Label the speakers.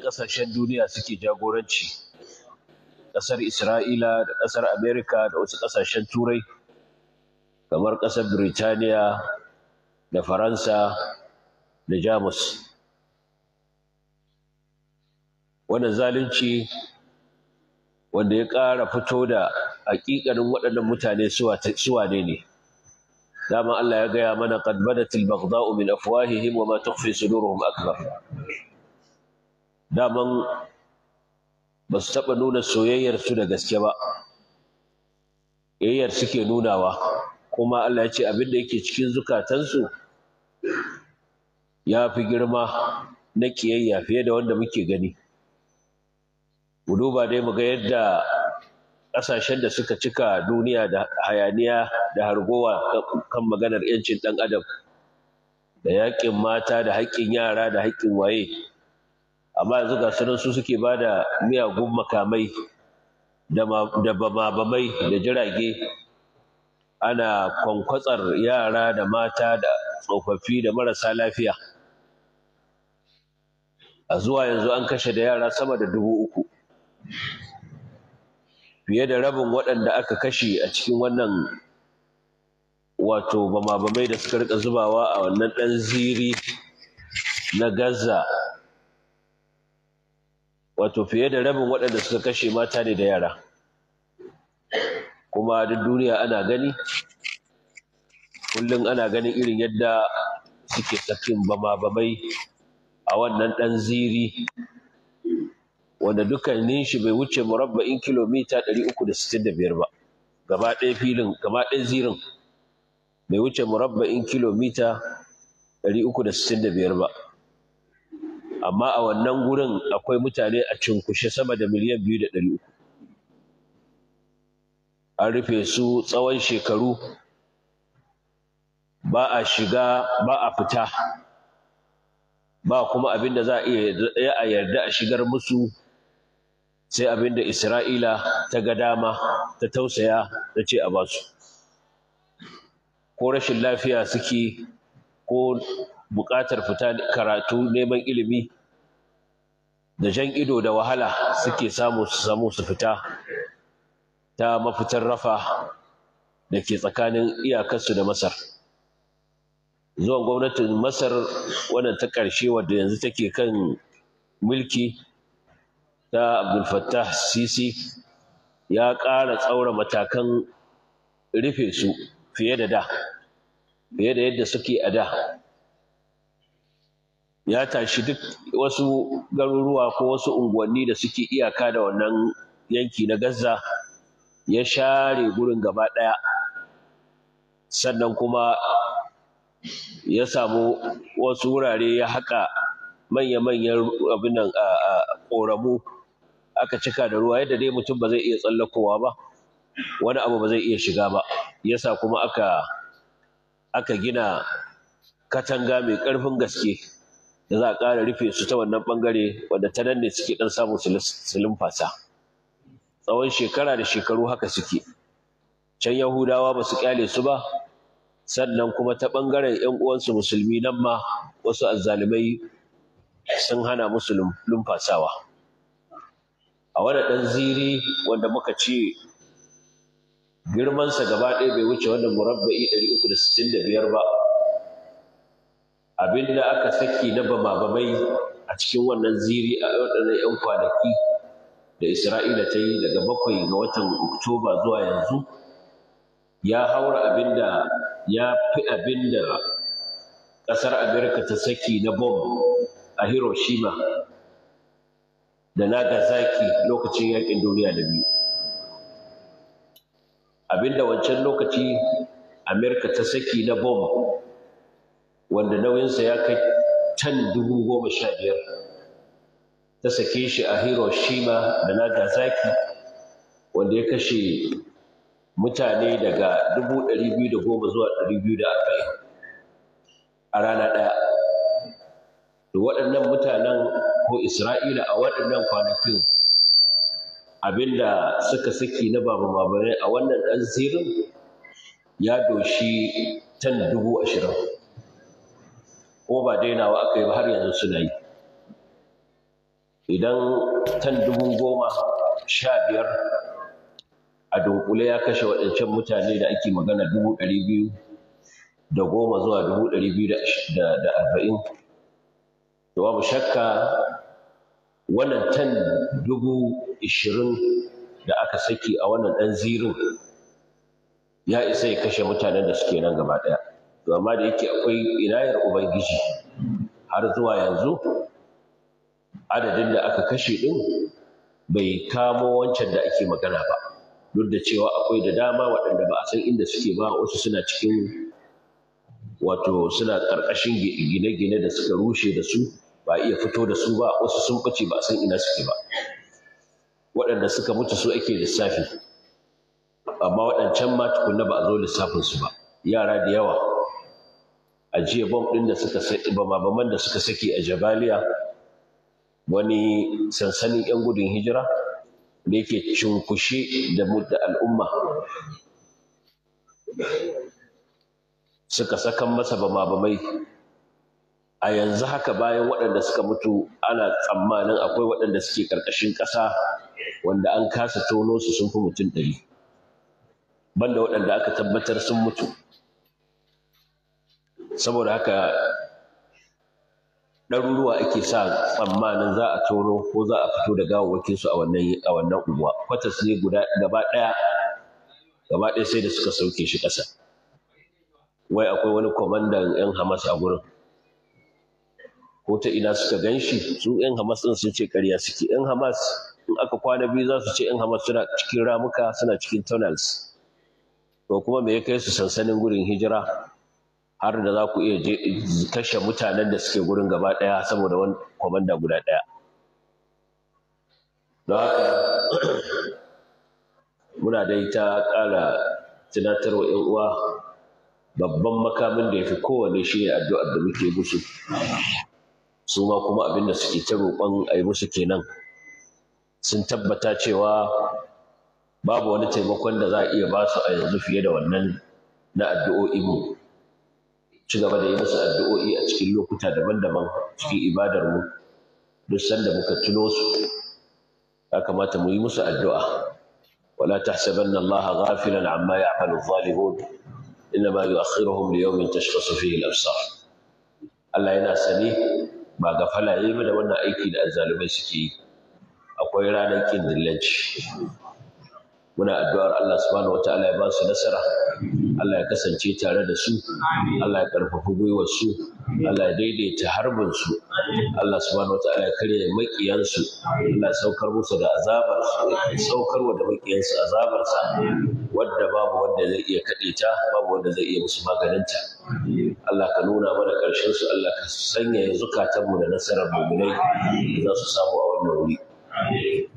Speaker 1: ƙasashen duniya suke jagoranci ƙasar isra'ila da ƙasar amerika da wasu ƙasashen turai kamar ƙasar birtaniya da faransa da jamus wannan zalunci wanda ya ƙara fito da haƙiƙanin waɗannan mutane suwa ne ne dama allah ya gaya mana qad badatil baghdha'u min afwahihim wa ma tukhfi suduruhum akbar daman ba su taɓa nuna soyayyar su da gaske ba yayyar suke nunawa kuma Allah ya ce abin da yake cikin zukatansu ya fi girma na ƙiyayya fiye da wanda muke gani mu duba dai mu ga yadda ƙasashen da suka cika duniya da hayaniya da hargowa kan maganar 'yancin ɗan adam da yaƙin mata da haƙƙin yara da haƙƙin waye amma yanzu ga su suke ba da miyagun makamai da bamabamai da jirage ana kwankwatsar yara da mata da tsofaffi da marasa lafiya a zuwa yanzu an kashe da yara sama da dubu uku fiye da rabin waɗanda aka kashe a cikin wannan wato bamabamai da suka rika zubawa a wannan ɗan ziri na gaza wato fiye da rabin waɗanda suka kashe mata ne da yara kuma duk duniya ana gani kullum ana ganin irin yadda suke sakin bama-bamai a wannan ɗan ziri wanda dukkanin shi bai wuce murabba'in kilomita 365 ba gaba ɗaya filin gaba ɗaya zirin bai wuce murabba'in kilomita 365 ba amma a wannan gurin akwai mutane a cinkushe sama da miliyan biyu da ɗari uku an rufe su tsawon shekaru ba a shiga ba a fita ba kuma abin da za a yarda a shigar musu sai abin da isra'ila ta ga dama ta tausaya ta ce a basu ko rashin lafiya suke ko buƙatar fita karatu neman ilimi da jan ido da wahala suke samu su samu su fita ta mafitar rafa da ke tsakanin iyakarsu da masar zuwa gwamnatin masar wannan ta ƙarshe wadda yanzu take kan mulki ta abdulfattah sisi ya ƙara tsaura matakan rufe su fiye da da fiye da yadda suke a da ya tashi duk wasu garuruwa ko wasu unguwanni da suke iyaka da wannan yanki na Gaza ya share gurin gaba ɗaya sannan kuma ya samu wasu wurare ya haƙa manya-manyan abin a ƙoramu aka cika da ruwa yadda dai mutum ba zai iya tsallakowa ba wani abu ba zai iya shiga ba yasa kuma aka aka gina katanga mai ƙarfin gaske da za a ƙara rufe su ta wannan bangare wadda ta nan ne suke ɗan samun silin fasa tsawon shekara da shekaru haka suke can yahudawa ba su ƙyale su ba sannan kuma ta ɓangaren 'yan uwansu musulmi nan ma wasu azzalumai sun hana musu lumfasawa a wani ɗan ziri wanda muka ce girmansa gaba ɗaya bai wuce wanda murabba'i 365 ba Abin da aka saki na bababai a cikin wannan ziri a waɗannan 'yan kwanaki da isra'ila ta yi daga bakwai ga watan oktoba zuwa yanzu ya haura da ya fi abin da ƙasar amerika ta saki na bom a hiroshima da nagasaki lokacin yakin duniya da biyu Abin da wancan lokaci amerika ta saki na bom wanda nauyinsa ya kai tan dubu goma sha biyar ta sake shi a hiroshima da nagasaki wanda ya kashe mutane daga dubu ɗari biyu da goma zuwa ɗari biyu da arba'in a rana ɗaya da waɗannan mutanen ko isra'ila a waɗannan kwanakin abinda suka saki na babu babarai a wannan ɗan zirin ya doshi tan dubu ashirin ko ba dainawa aka yi ba har yanzu suna yi idan tan dubu goma sha biyar a dunkule ya kashe waɗancan mutane da ake magana dubu ɗari biyu da goma zuwa dubu ɗari biyu da arba'in da babu shakka wannan tan dubu ishirin da aka saki a wannan ɗan zirin ya isa ya kashe mutanen da suke nan gaba ɗaya to amma da yake akwai inayar ubangiji har zuwa yanzu adadin da aka kashe din bai kamo wancan da ake magana ba duk da cewa akwai da dama waɗanda ba a san inda suke ba wasu suna cikin wato suna ƙarƙashin gine-gine da suka rushe da su ba iya fito da su ba wasu sun ɓace ba a san ina suke ba waɗanda suka mutu su ake lissafi amma waɗancan ma tukunna ba a zo lissafin su ba yara da yawa a jiya bom ɗin da suka bama da suka saki a jabaliya wani sansanin 'yan gudun hijira da yake cunkushe da mudda al'umma suka sakan masa bama-bamai a yanzu haka bayan waɗanda suka mutu ana tsammanin akwai waɗanda suke ƙarƙashin ƙasa wanda an kasa tono su sun fi mutum ɗari banda waɗanda aka tabbatar sun mutu saboda haka ɗaruruwa ake sa tsammanin za a toro ko za a fito da gawawwakin su a wannan a wannan unguwa kwatas ne guda gaba ɗaya gaba ɗaya sai da suka sauke shi ƙasa wai akwai wani kwamandan yan hamas a gurin ko ta ina suka ganshi shi su yan hamas ɗin sun ce ƙarya suke yan hamas in aka kwana biyu za su ce yan hamas suna cikin ramuka suna cikin tunnels to kuma me ya kai su sansanin gurin hijira har da za ku iya kashe mutanen da suke gurin gaba ɗaya saboda wani kwamanda guda ɗaya don haka muna dai ta ƙara tunatarwa 'yan uwa babban makamin da ya fi kowane shi ne addu'ar da muke musu su ma kuma abin da suke ta roƙon a yi musu kenan sun tabbata cewa babu wani taimakon da za a iya ba su a yanzu fiye da wannan na addu'o'inmu ci gaba da yi masa addu'o'i a cikin lokuta daban-daban cikin ibadarmu mu duk sanda muka tuno su ya kamata mu yi musu addu'a wala tahsabanna Allah ghafilan amma ya'malu adh-dhalimun inma yu'akhiruhum li yawmin tashkhasu fihi al-absar Allah yana sani ba gafala yi da wannan aiki da azzalumai suke yi akwai ranar kin dillanci muna addu'ar Allah subhanahu wataala ya ba su nasara Allah ya kasance tare da su Allah ya karfafi gwiwar su Allah ya daidaita harbin su Allah subhanahu wataala ya karya makiyan su Allah ya saukar musu da azabar su ya saukar wa da makiyan su azabar sa wanda babu wanda zai iya kade ta babu wanda zai iya musu maganin ta Allah ka nuna mana karshen su Allah ka sanya zukatan mu da nasarar mu'minai za su samu a wannan wuri